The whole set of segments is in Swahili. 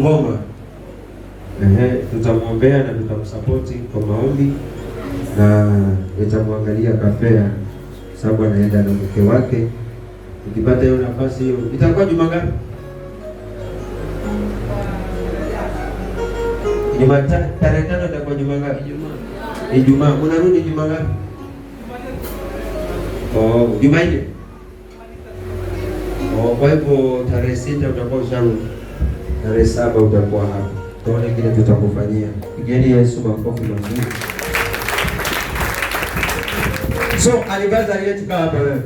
Ngoma ehe, tutamwombea na tutamsapoti kwa maombi na nitamwangalia kafea sababu anaenda na mke wake. Ukipata hiyo nafasi hiyo, itakuwa juma ngapi? Juma tarehe tano itakuwa juma ngapi? Ijumaa. Unarudi juma ngapi? Oh, juma ile. Oh, kwa hivyo tarehe sita utakuwa ushangu tarehe saba utakuwa hapa, tuone kile tutakufanyia. Pigeni Yesu makofi mazuri. So anniversary yetu kama hapa wewe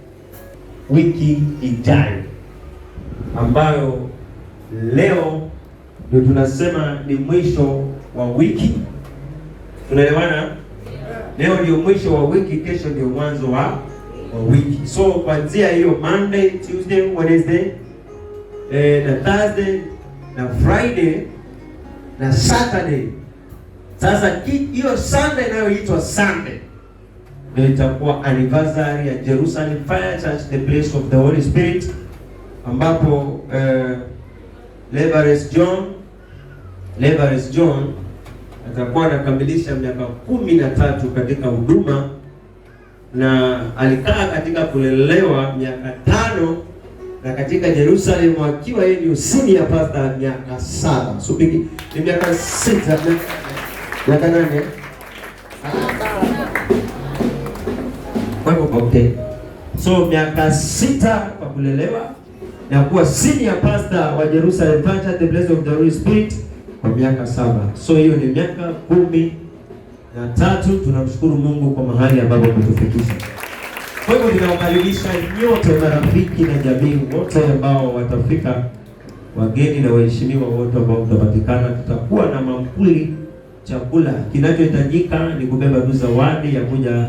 wiki ijayo ambayo leo ndio tunasema ni mwisho wa wiki, tunaelewana? Leo ndio mwisho wa wiki, kesho ndio mwanzo wa, wa wiki. So kuanzia hiyo Monday, Tuesday, Wednesday eh, na Thursday na Friday na Saturday. Sasa hiyo Sunday inayoitwa Sunday ndio itakuwa anniversary ya Jerusalem Fire Church, the place of the Holy Spirit, ambapo eh, Leveres John Leveres John atakuwa anakamilisha miaka kumi na tatu katika huduma na alikaa katika kulelewa miaka tano na katika Yerusalemu akiwa yeye ni usini ya pasta miaka saba subiki ni miaka sita miaka nane kwa hivyo okay. So miaka sita kwa kulelewa na kuwa senior pastor wa Jerusalem Church the Blessed of the Holy Spirit kwa miaka saba. So hiyo ni miaka kumi na tatu. Tunamshukuru Mungu kwa mahali ambapo ametufikisha. Kwa hivyo ninawakaribisha nyote marafiki na jamii wote ambao watafika, wageni na waheshimiwa wote ambao mtapatikana. Tutakuwa na mampuli chakula. Kinachohitajika ni kubeba tu zawadi ya kuja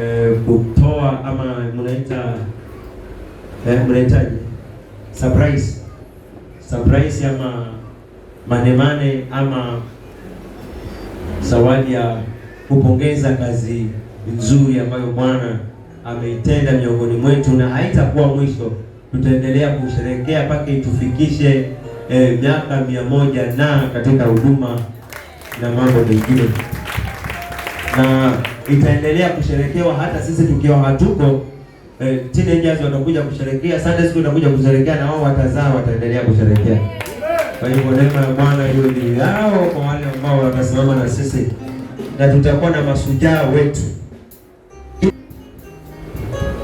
eh, kutoa ama mnaita eh, mnaitaje surprise surprise ama manemane ama zawadi ya kupongeza kazi nzuri ambayo Bwana ameitenda miongoni mwetu na haitakuwa mwisho. Tutaendelea kusherehekea mpaka itufikishe eh, miaka mia moja na katika huduma na mambo mengine, na itaendelea kusherehekewa hata sisi tukiwa hatuko. Eh, teenagers watakuja kusherekea, Sunday school itakuja kusherekea na wao watazaa, wataendelea kusherekea. Kwa hivyo neema ya Bwana hiyo ni yao kwa wale ambao watasimama na sisi, na tutakuwa na mashujaa wetu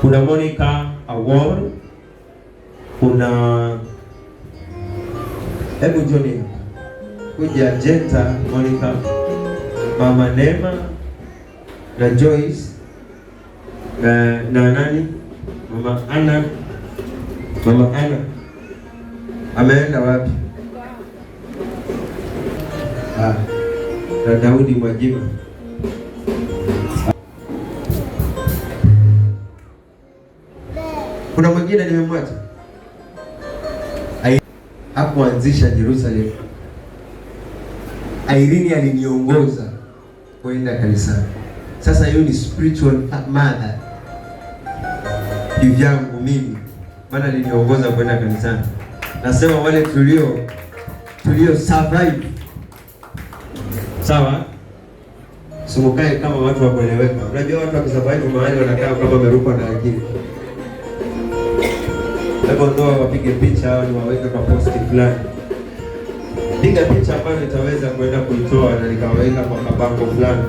kuna Monica Award, kuna hebu Joni kuja Jenta Monica, Mama Neema na Joyce na, na nani Mama Ana, Mama Ana ameenda wapi? Ah, na Daudi Mwajima Kuna mwingine nimemwacha hakuanzisha Jerusalem. Irene aliniongoza kwenda kanisa. Sasa hiyo ni spiritual mother kivyangu mimi, maana aliniongoza kwenda kanisani. Nasema wale tulio tulio survive sawa, sumukae kama watu wakueleweka. Unajua watu wakisurvive mahali wanakaa kama wamerukwa na akili ndoa wapige picha au niwaweke kwa posti fulani, piga picha ambayo nitaweza kwenda kuitoa na nikaweka kwa kabango fulani.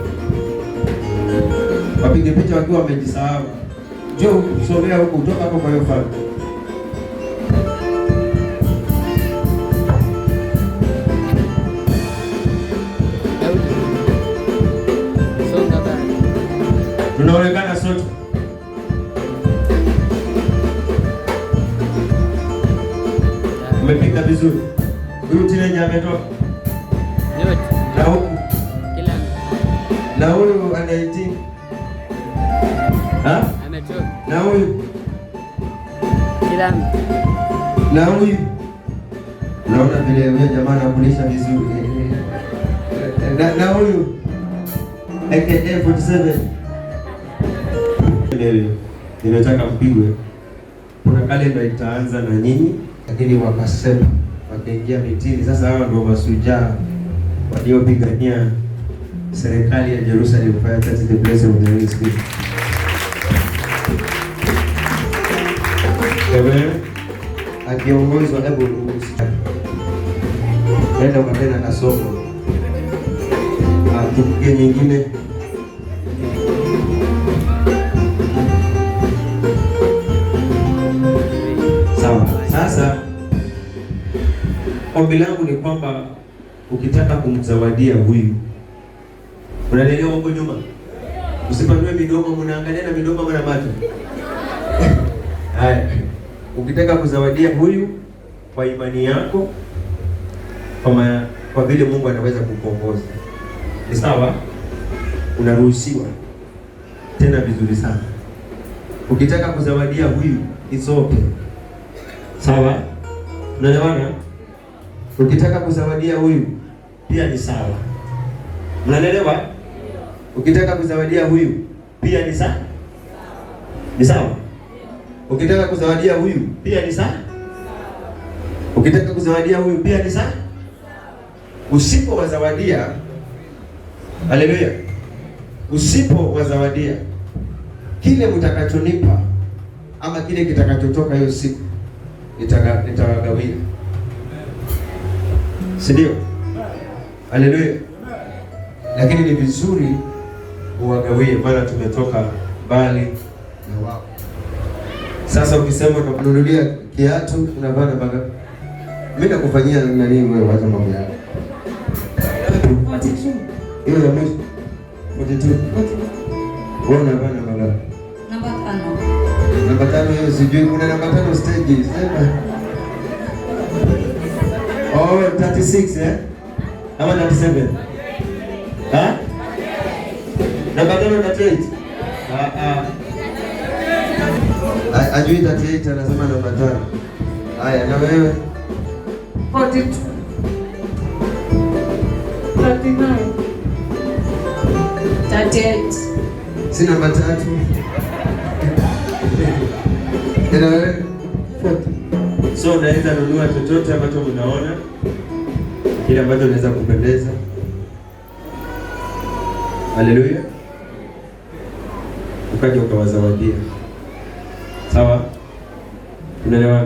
Wapige picha wakiwa wamejisahau, njoo usomea huku, kutoka hapo kwa hiyo fani. tunaonekana sote Umepiga vizuri. Huyu tineja ametoka na huku na huyu anahitimu na huyu na huyu naona vile huyo jamaa anakulisha vizuri eh, eh, eh. na huyu AK47 ninataka mpigwe. Kuna kalenda itaanza na nyinyi lakini wakasema wakaingia mitini. Sasa hawa ndio masujaa waliopigania serikali ya Jerusalem kufanya kazi the place of the Holy Spirit. Amen. Akiongozwa, hebu nenda ukatena Ah, Tukuge nyingine ombi langu ni kwamba ukitaka kumzawadia huyu, unanielewa huko nyuma, usipanue midomo, mnaangalia na midomo na macho haya. Ukitaka kuzawadia huyu kwa imani yako, kwa kwa vile Mungu anaweza kukuongoza, ni sawa, unaruhusiwa tena vizuri sana. Ukitaka kuzawadia huyu it's okay, sawa, unaelewana? Ukitaka kuzawadia huyu pia ni sawa, mnanielewa? Ukitaka kuzawadia huyu pia ni sawa, ni sawa. Ukitaka kuzawadia huyu pia ni sawa, ukitaka kuzawadia huyu pia ni sawa. wazawadia haleluya, usipo wazawadia kile mtakachonipa ama kile kitakachotoka hiyo siku nitawagawia si ndio? Haleluya! Lakini ni vizuri uwagawie, maana tumetoka mbali na wao. Sasa ukisema unakununulia kiatu unavana mpaka mimi nakufanyia nani wewe, wacha mambo yako hiyo ya mwisho wote tu. Wewe unavaa namba ngapi? Namba tano. Namba tano hiyo sijui kuna namba tano stage sema Oh, 36 eh? Ama 37? Ha? Namba gani 38? Ah ah. Ajui 38 anasema namba tano. Haya na wewe? 42. 39. 38. Si namba tatu. Tena wewe? 40. So unaweza nunua chochote ambacho unaona kile ambacho unaweza kupendeza. Haleluya, ukaja ukawazawadia. Sawa, unaelewa?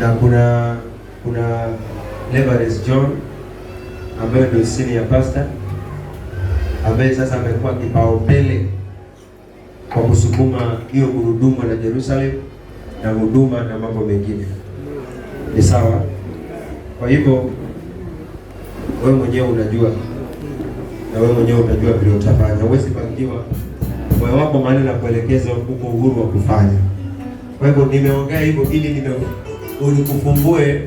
Na kuna kuna Leveres John ambaye ndio ya pastor ambaye sasa amekuwa kipaumbele kwa kusukuma hiyo gurudumu la Jerusalem na huduma na mambo mengine. Ni sawa? Kwa hivyo wewe mwenyewe unajua na wewe mwenyewe unajua vile utafanya, huwezi pangiwa moyo wako, maana na kuelekeza huko uhuru wa kufanya. Kwa hivyo nimeongea hivyo ili nime unikufumbue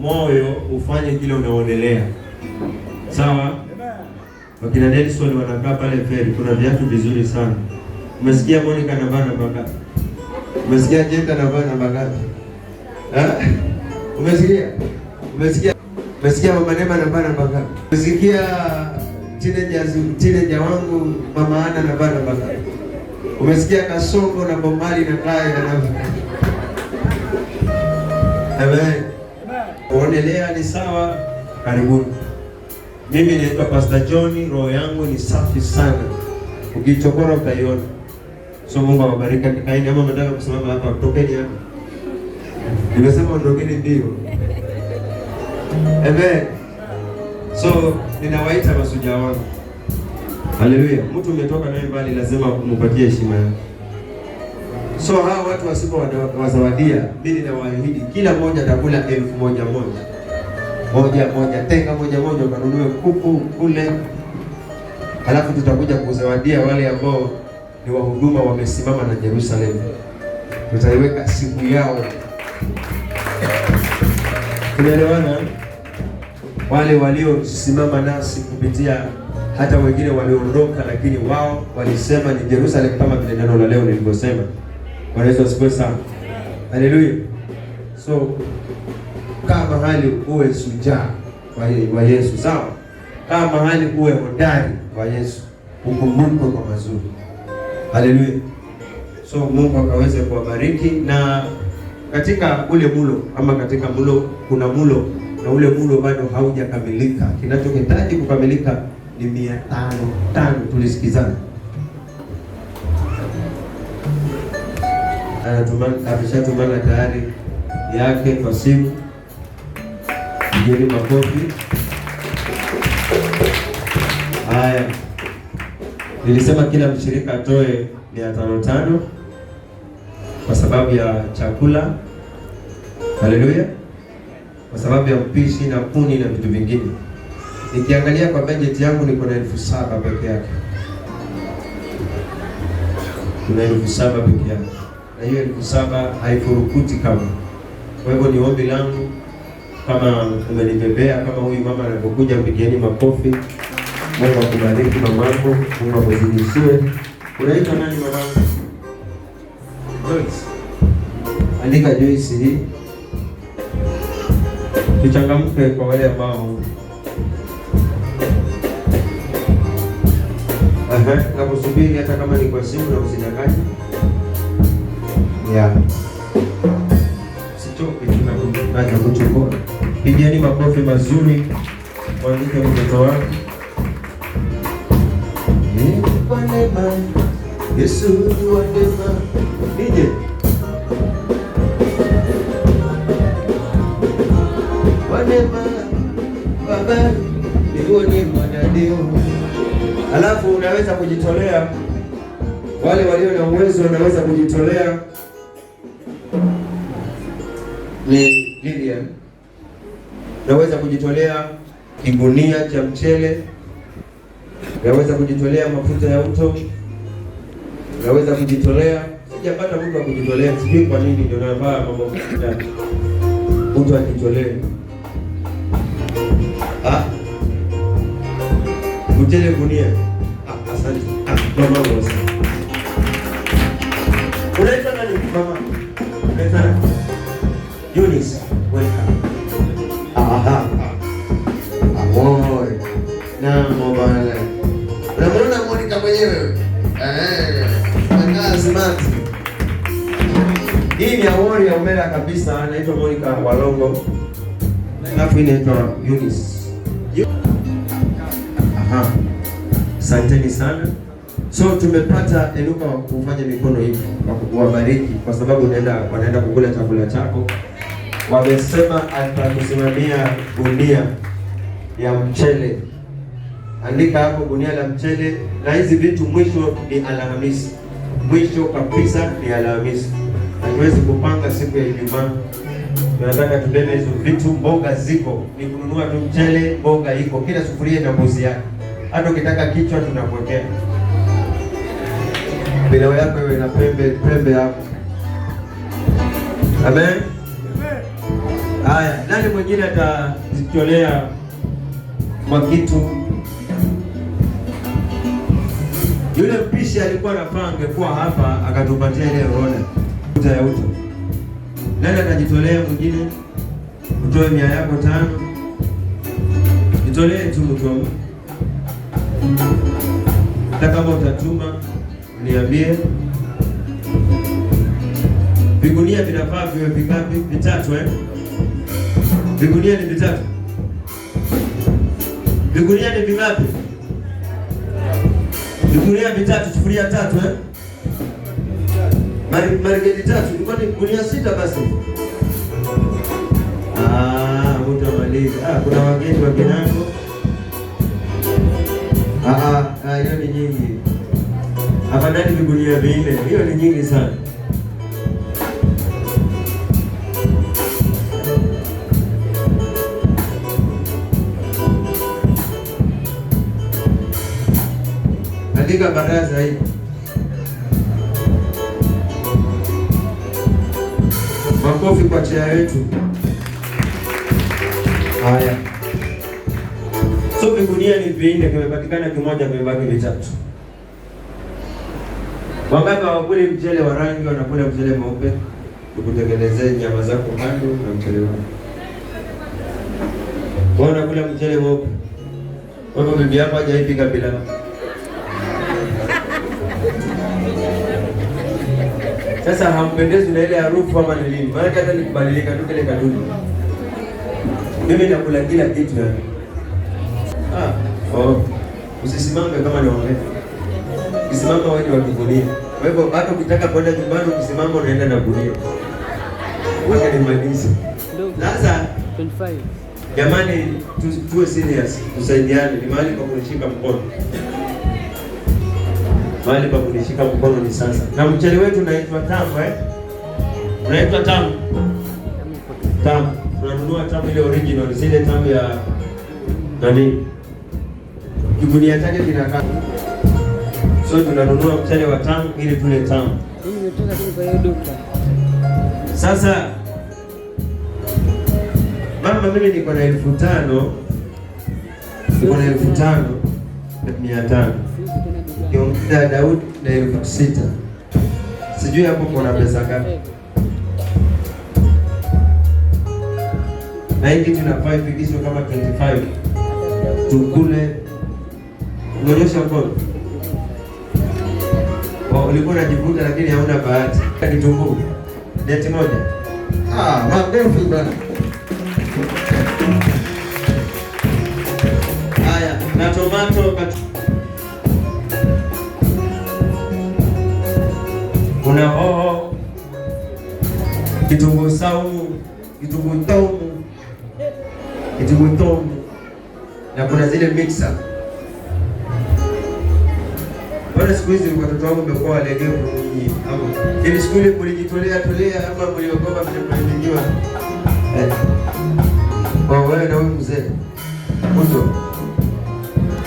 moyo ufanye kile unaonelea. Sawa? Wakina Nelson wanakaa pale feri, kuna viatu vizuri sana Umesikia Monica na bana baka? Umesikia Jeta na bana baka? Eh? Umesikia? Umesikia? Umesikia mama Neema na bana baka? Umesikia teenagers, teenager wangu mama Ana na bana baka? Umesikia Kasongo na Bomali na Kaya na baka? Amen. Kuonelea ni sawa, karibuni. Mimi naitwa Pastor Johnny, roho yangu ni safi sana. Ukichokora utaiona. So Mungu awabariki kakaini, ama mnataka kusimama hapa, tokeni hapa. Nimesema ondokeni ndio. Amen. So ninawaita masuja wangu. Haleluya. Mtu umetoka naye mbali, lazima umpatie heshima yake. So hawa watu wasipowazawadia, mimi ninawaahidi kila mmoja atakula elfu moja moja moja moja, tenga moja moja, ukanunue kuku kule, halafu tutakuja kuzawadia wale ambao ni wahuduma wamesimama na jerusalemu Tutaiweka siku yao, tunaelewana? Wale waliosimama nasi kupitia hata wengine waliondoka, lakini wao walisema ni jerusalem kama vile neno la leo nilivyosema. Bwana Yesu asifiwe sana, haleluya. So kaa mahali uwe sujaa wa Yesu, sawa? Kaa mahali uwe hodari wa Yesu, ukumbukwe kwa mazuri Haleluya. So Mungu akaweze kuwabariki na katika ule mulo ama katika mulo kuna mulo na ule mulo bado haujakamilika. Kinachohitaji kukamilika ni mia tano tano. Tulisikizana ameshatumana tayari yake kwa simu. Pigeni makofi haya. Nilisema kila mshirika atoe mia tano tano kwa sababu ya chakula, haleluya, kwa sababu ya mpishi na kuni na vitu vingine. Nikiangalia kwa bajeti yangu niko na elfu saba peke yake, kuna elfu saba peke yake, na hiyo elfu saba haifurukuti kama. Kwa hivyo ni ombi langu, kama umenibebea, kama huyu mama anapokuja, mpigieni makofi. Mungu akubariki mamangu, Mungu akuzidishie. Unaitwa nani mamangu? Joyce. Andika Joyce hii. Tuchangamke kwa wale ambao nakusubiri hata kama ni kwa simu na usidanganye. Yeah. Usichoke kuchukua. Pigieni makofi mazuri. Mwandike mtoto wako. Nimekupa neema, Yesu ni wa neema. Nije wa neema, Baba ni mwanadamu. Alafu unaweza kujitolea, wale walio na uwezo wanaweza kujitolea. Ni Lilian, naweza kujitolea kigunia cha mchele Unaweza kujitolea mafuta ya mto, unaweza kujitolea. Sijapata mtu wa kujitolea, sijui kwa nini ndio navaa mambo ya mtu akijitolea. Ah, utele gunia. Ah, asante. Ah, mama wangu. Unaitwa nani mama? Unaitwa Eunice. ya wori ya umela kabisa anaitwa Monica Walongo, alafu inaitwa Eunice. Aha, asanteni sana. So tumepata enuka wakufanya kufanya mikono hivi wa kuwabariki, kwa sababu unaenda wanaenda kukula chakula chako. Wamesema atakusimamia gunia ya mchele. Andika hapo gunia la mchele, na hizi vitu mwisho ni Alhamisi mwisho kabisa ni Alhamisi. Hatuwezi kupanga siku ya Ijumaa, tunataka tubebe hizo vitu. Mboga ziko ni kununua tu, mchele, mboga iko kila sufuria na mbuzi yake. Hata ukitaka kichwa tunapokea, pilau yako iwe na pembe, pembe yako. Amen. Haya, nani mwingine atajitolea kwa kitu yule mpishi alikuwa na pange kuwa hapa akatupatia ile ona kuta ya uto. Nani atajitolea mwingine? Utoe mia yako tano, jitolee tu mtu. Hata kama utatuma niambie. Vigunia vinafaa viwe vingapi? Vitatu eh? Vigunia ni vitatu. Vigunia ni vingapi? Biblia mitatu sufuria tatu eh? Mari tatu ilikuwa ni gunia sita basi. Ah, utamaliza. Ah, kuna wageni wa kinango. Ah ah, ah hiyo ni nyingi. Hapa ndani vigunia vinne. Hiyo ni nyingi sana. tutafika baadaye zaidi. Makofi kwa chea yetu. Haya, so vigunia ni vinne, kimepatikana kimoja, vimebaki vitatu. Wangapi hawakuli mchele wa rangi, wanakula mchele mweupe? Tukutengenezee nyama zako kando na mchele wako. Wanakula mchele mweupe, bibi yako hajaipika pilau Sasa hampendezi na ile harufu ama ni nini? Maana hata nikubadilika tu kile kanuni. Mimi nakula kila kitu yani. Ah, oh. Usisimame kama naongea. Ukisimama wewe wa kugunia. Kwa hivyo hata ukitaka kwenda nyumbani ukisimama unaenda na gunia. Wewe ni mwanisi. Sasa 25. Jamani tu, tuwe serious, tusaidiane, ni mahali pa kushika mkono mahali pa kunishika mkono ni sasa. Na mchele wetu unaitwa tamu eh? Unaitwa tamu. Tamu. Tunanunua tamu ile original, zile tamu ya nani? Kigunia chake kinakaa. So tunanunua mchele wa tamu ili tule tamu. Sasa mama, mimi niko na elfu tano niko na elfu tano mia tano niongeza Daudi na elfu sita. Sijui hapo kuna pesa ngapi? Na hiki tunafaa ifikishwe kama 25. Tukule unaonyesha mkono. Oh, ulikuwa unajivuta lakini hauna bahati. Kitunguu. neti moja. Ah, mabefu bana. Haya, na tomato katu. kuna hoho, kitunguu saumu, kitunguu tomu, kitunguu tomu na kuna zile mixa. Bwana, siku hizi watoto wangu wamekuwa walegevu nyinyi, ama ili yaani siku ile mlijitolea tolea ama mliogopa mnakuelewa. Kwa eh. oh, wewe na wewe mzee kuzo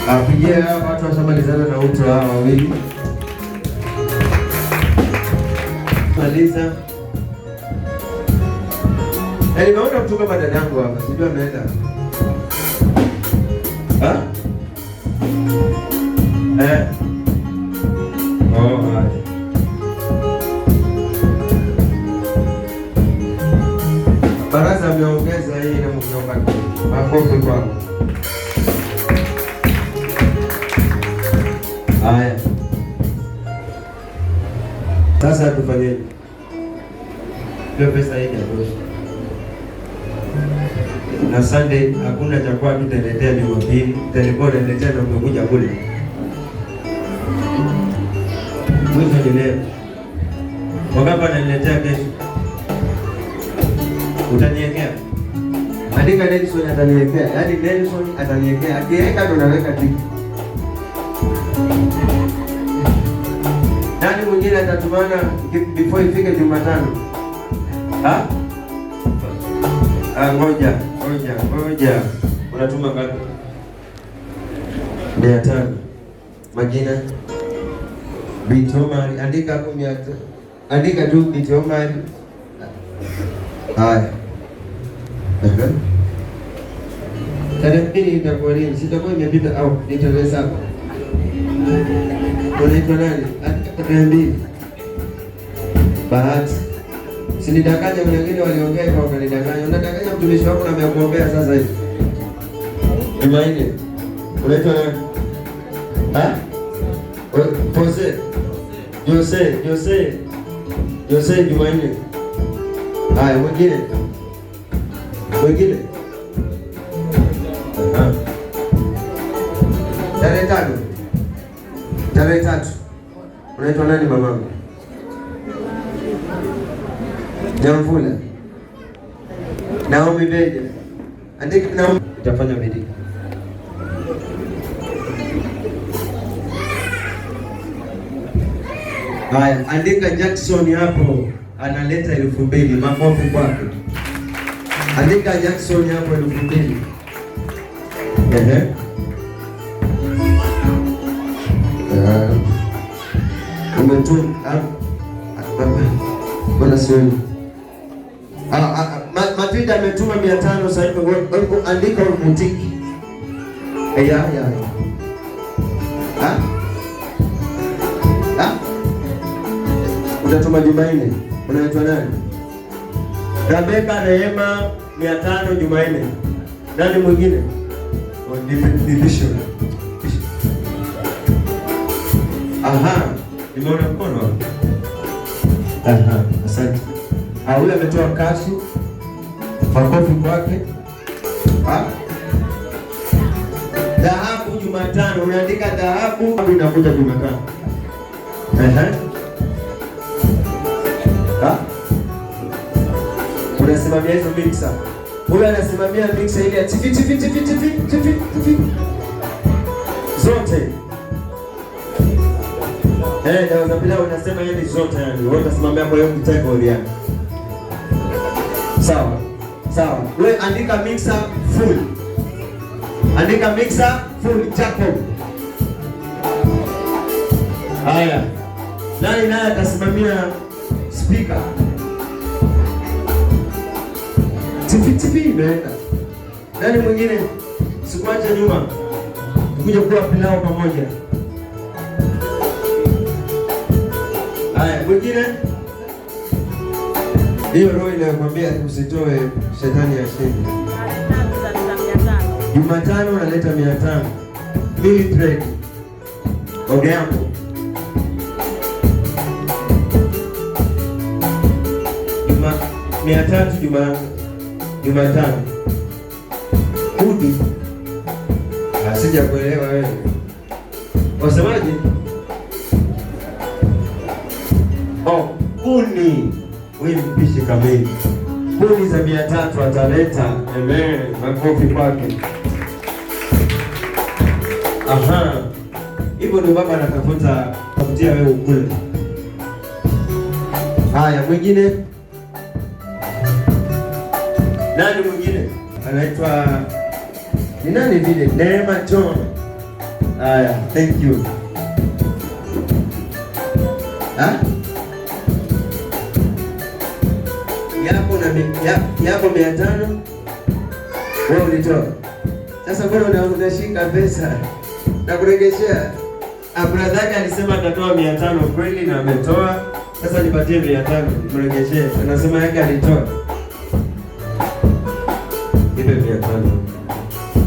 apigia watu washamalizana na uto hawa wawili kumaliza. Eh, nimeona mtu kama dadangu hapa, sijui ameenda eh. Oh, baraza ameongeza hii na makofi kwako. Haya. Sasa tufanyeni Hiyo pesa hii inatosha. Na Sunday hakuna cha kwako tutaletea ni wapili. Telikuwa unaletea na umekuja kule. Mwisho ni leo. Wakati ananiletea kesho. Utaniwekea. Andika Nelson ataniwekea. Yaani Nelson ataniwekea. Akiweka tunaweka tiki. mwingine atatumana before ifike Jumatano. Ah, ngoja ngoja ngoja, unatuma ngapi? mia tano. Majina Bitomari, andika hapo mia tano, andika tu Bitomari. Haya, tarehe mbili itakuwa nini? Sitakuwa imepita au ni tarehe saba? Unaitwa nani? Niambie bahati, usinidanganye. Wengine waliongea hivyo wakanidanganya. Unadanganya mtumishi wako na amekuombea sasa hivi. Tumaini, unaitwa nani? Ha? Jose, Jose, Jose, Jose Jumanne. Haya, mwingine mwingine tarehe tano tarehe tatu Unaitwa nani mamangu? Nyamvula. Naomi Beja. Andika na utafanya bidii. Haya, andika Jackson hapo analeta elfu mbili makofi kwake. Andika Jackson hapo elfu mbili. Ehe. Ah, ah, ah, Matilda ametuma mia tano sasa hivi, andika mutiki eh, utatuma Jumanne. Unaitwa nani? Rebeka Rehema mia tano Jumanne. Nani mwingine? Oh, Aha. Nimeona mkono. Aha, asante. Ah, yule ametoa kasi Makofi kwake. Ah. Dhahabu Jumatano, unaandika dhahabu inakuja Jumatano. Aha. Ah. Unasimamia hizo mixer. Ule anasimamia mixer ile ya tifi tifi tifi tifi tifi zote. Eh, dawa za pilau unasema yeye ni zote yani. Wewe utasimamia kwa hiyo mtego ile yani. Sawa. Sawa. Wewe andika mixer full. Andika mixer full Jacob. Haya. Nani naye atasimamia speaker? Tipi tipi imeenda. Nani mwingine? Sikuacha nyuma. Tukuje kula pilau pamoja. Haya, mwingine hiyo roho inayokwambia usitoe, shetani ya yashinde. Jumatano naleta mia tano mili trade ogeapo mia tatu juma Jumatano kudi asija ah, kuelewa wewe wasemaje? kuni, we mpishi kamili, kuni za mia tatu ataleta. Amen, makofi kwake. Aha, hivyo ndio baba anatafuta kutia wewe ukule. Haya, mwingine nani? Mwingine anaitwa ni nani vile? Neema John. Haya, thank you. Ha? yako mia tano wewe ulitoa. Sasa mbona unashika pesa na kuregeshea? Ah, brother alisema atatoa mia tano kweli na ametoa. Sasa nipatie mia tano mregeshee, anasema yake alitoa ipe mia tano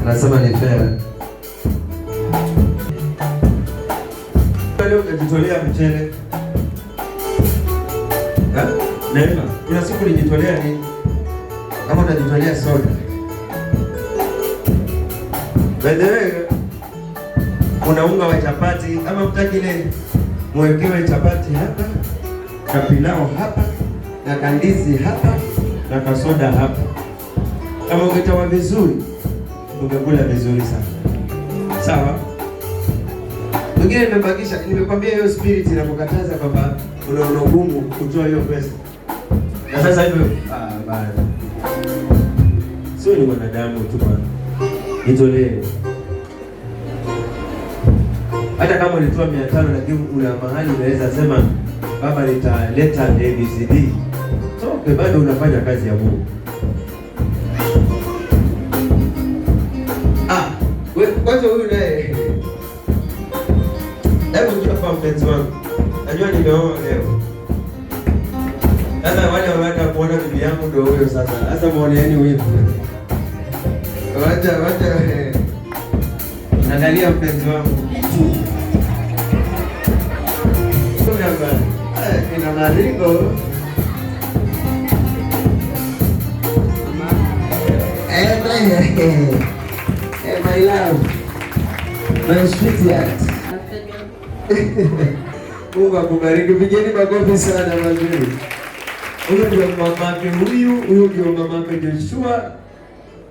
anasema ni Leo ukajitolea mchele Neema, kuna siku nijitolea nini? Kama utajitolea soda. Bedere, kuna unga wa chapati kama mtaki ile mwekewe chapati hapa, kapilao hapa, na kandizi hapa, na kasoda hapa. Kama ukitawa vizuri, ungekula vizuri sana. Sawa? Mwingine nimebakisha, nimekwambia hiyo spirit inakukataza kwamba una unagumu kutoa hiyo pesa na sasa hivi ah, bado sio, ni mwanadamu tu bwana, nitolee hata kama ulitoa mia tano lakini una mahali unaweza sema baba, nitaleta ABCD toke, bado unafanya kazi ya Mungu. Ah, kwanza huyu naye, hebu mpenzi wangu, najua nimeoa leo sasa wale wanataka kuona bibi yangu ndio huyo sasa. Sasa muoneeni huyo. Wacha wacha. Angalia mpenzi wangu. Eh, Ina maringo. Eh, eh, eh, my love. My sweetheart. Mungu akubariki. Pigeni makofi sana mazuri. Huyo ndio mamake huyu, huyo ndio mamake Joshua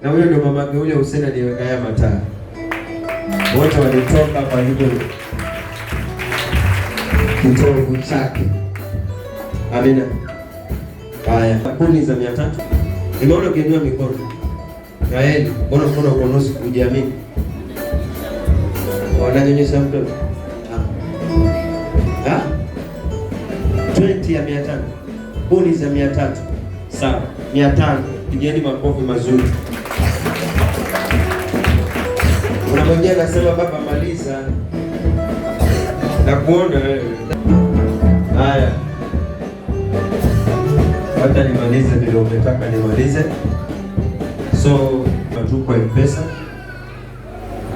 na huyo ndio mamake huyo Hussein aliyewekaya mataa. Wote walitoka kwa hivyo kitovu chake. Amina. Haya, kuni za mia tatu. Nimeona ukiinua mikono. Yaeli, mbona mbona uko nusu kujiamini? Wananyonyesha mtoto. Ah. Ah. 20 ya 500 buni za mia tatu sawa, mia tano pigeni makofi mazuri. Kuna mwingine nasema baba, maliza nakuona wewe. Haya, hata nimalize vile umetaka nimalize. So matuko m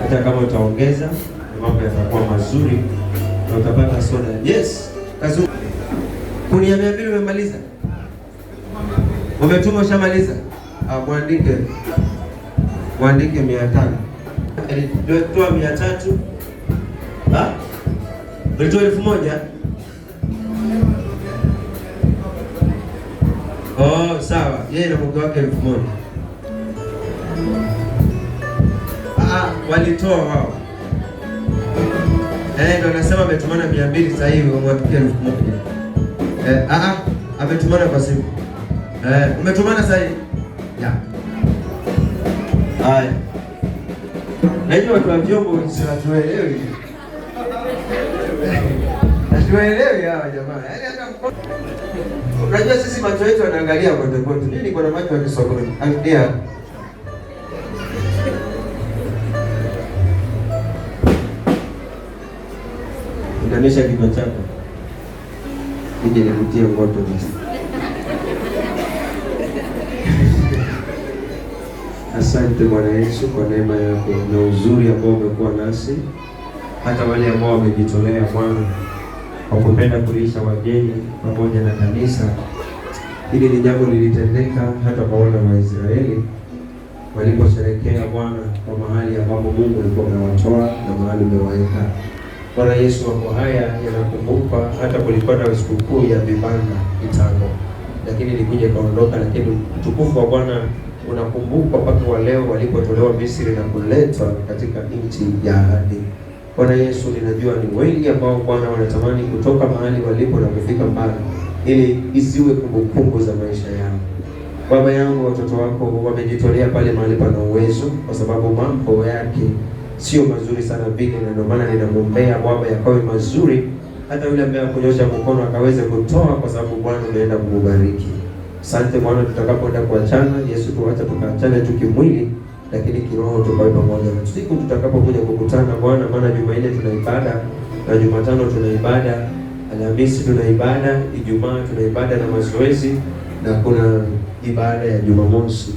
hata kama utaongeza mambo yatakuwa mazuri na utapata soda. Yes, kazuri. Kunia mia mbili umemaliza? Umetuma ushamaliza? Ah, mwandike, mwandike mia tano. Alitoa eh, mia tatu. Alitoa elfu moja? Oh, sawa. Yeye na mke wake elfu moja ah, ah, walitoa wao. Eh, ndo nasema ametumana mia mbili sasa hivi watuke elfu moja Eh, ah, ah, ametumana kwa simu. Eh, umetumana sasa hivi? Ya. Haya. Na watu wa vyombo si watuelewi. Hatuelewi hawa jamaa. Yaani hata Unajua sisi macho yetu yanaangalia kote kote. Mimi niko na macho ya kisogoni. Angalia. Unanisha kichwa chako nije ngoto basi. Asante Bwana Yesu kwa neema yako na uzuri ambao umekuwa nasi, hata wale ambao wamejitolea Bwana kwa kupenda kulisha wageni pamoja na kanisa. Hili ni jambo lilitendeka hata kwa wana wa Israeli waliposherekea Bwana kwa mahali ambapo Mungu alikuwa amewatoa na mahali umewaweka. Bwana Yesu, mambo haya yanakumbuka. Hata kulikuwa na sikukuu ya vibanda kitambo, lakini nilikuja kaondoka, lakini utukufu wa Bwana unakumbukwa mpaka wa leo walipotolewa Misri na kuletwa katika nchi ya ahadi. Bwana Yesu, ninajua ni wengi ambao Bwana wanatamani kutoka mahali walipo na kufika mbali, ili isiwe kumbukumbu za maisha yao. Baba yangu, watoto wako wamejitolea pale mahali pana uwezo, kwa sababu mambo yake sio mazuri sana vile, na ndio maana ninamwombea Baba yakawe mazuri, hata yule ambaye akunyosha mkono akaweze kutoa, kwa sababu Bwana unaenda kukubariki. Asante Bwana, tutakapoenda kuachana, Yesu, tuacha tukaachane tu kimwili, lakini kiroho tukawe pamoja. Siku tutakapokuja kukutana Bwana, maana Jumanne tuna ibada na Jumatano tuna ibada, Alhamisi tuna ibada, Ijumaa tuna ibada na mazoezi, na kuna ibada ya Jumamosi.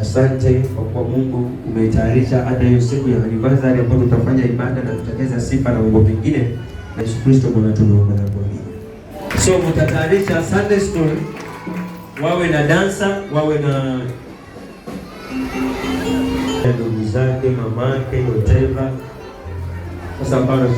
Asante kwa kuwa Mungu umeitayarisha hata hiyo siku ya anniversary ambayo tutafanya ibada na kutekeza sifa na mambo mengine na Yesu Kristo Bwana tunaomba na kuamini. So mtatayarisha Sunday school, wawe na dansa, wawe na ndugu zake, mamake, whatever. Sasa bado